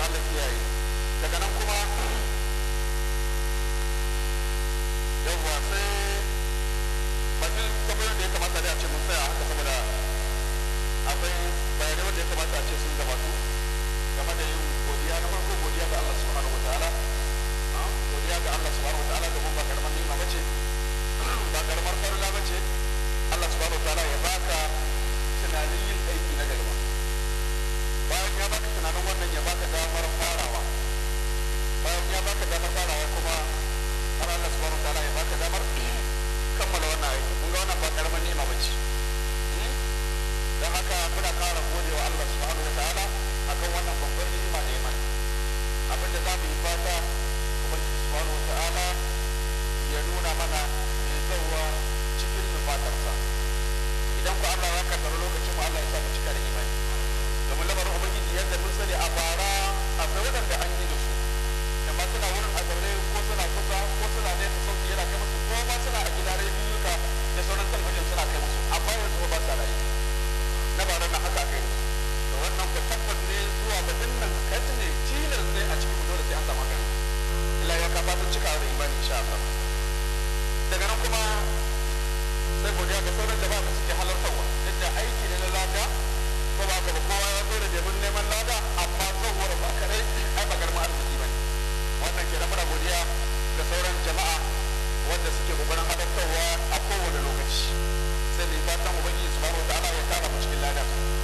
Allah kiyaye daga nan kuma yawwa sai batun tambayoyin da ya kamata da a ce mun tsaya haka saboda akwai bayanai wanda ya kamata a ce sun gabatu game da yin godiya na farko godiya ga Allah subhanahu wataala godiya ga Allah subhanahu wataala domin ba karamar ba bace ba karamar ba bace Allah subhanahu wataala ya baka tunanin yin aiki na gari ba ya baka tunanin wannan ya baka damar farawa bayan ya baka damar farawa kuma har Allah subhanahu wataala ya baka damar kammala wannan aiki kun ga wannan ba karamin ni'ima bace hmm? haka kara gode wa Allah subhanahu wataala akan wannan babbar ni'ima da ya mana abinda za mu yi fata ubangiji subhanahu wataala ya nuna mana mai zauwa cikin nufatarsa idan ku Allah ya lokacin mu Allah ya sa mu cika da imani domin lamarin ubangiji yadda mun sani a bara akwai waɗanda an yi da su amma suna wurin a zaune ko suna kusa ko suna nesa sauki yana kai musu ko ma suna a gida rediyuka da sauran talabijin suna kai musu amma yanzu ba sa rayu na bara na haka kai musu da wannan ku tabbat ne zuwa ga dinnan kai ne tilas ne a cikin dole sai an samu gari illa ya ka cika da imani insha Allah daga nan kuma sai godiya ga sauran jama'a da suke halartarwa yadda aiki ne na lada ko ba ka kowa ya zo da neman neman lada amma saboda ba kare ai ba garma arziki bane wannan ke muna godiya ga sauran jama'a wanda suke kokarin adaptarwa a kowane lokaci sai ne fatan ubangiji subhanahu wataala ya kara mu cikin lada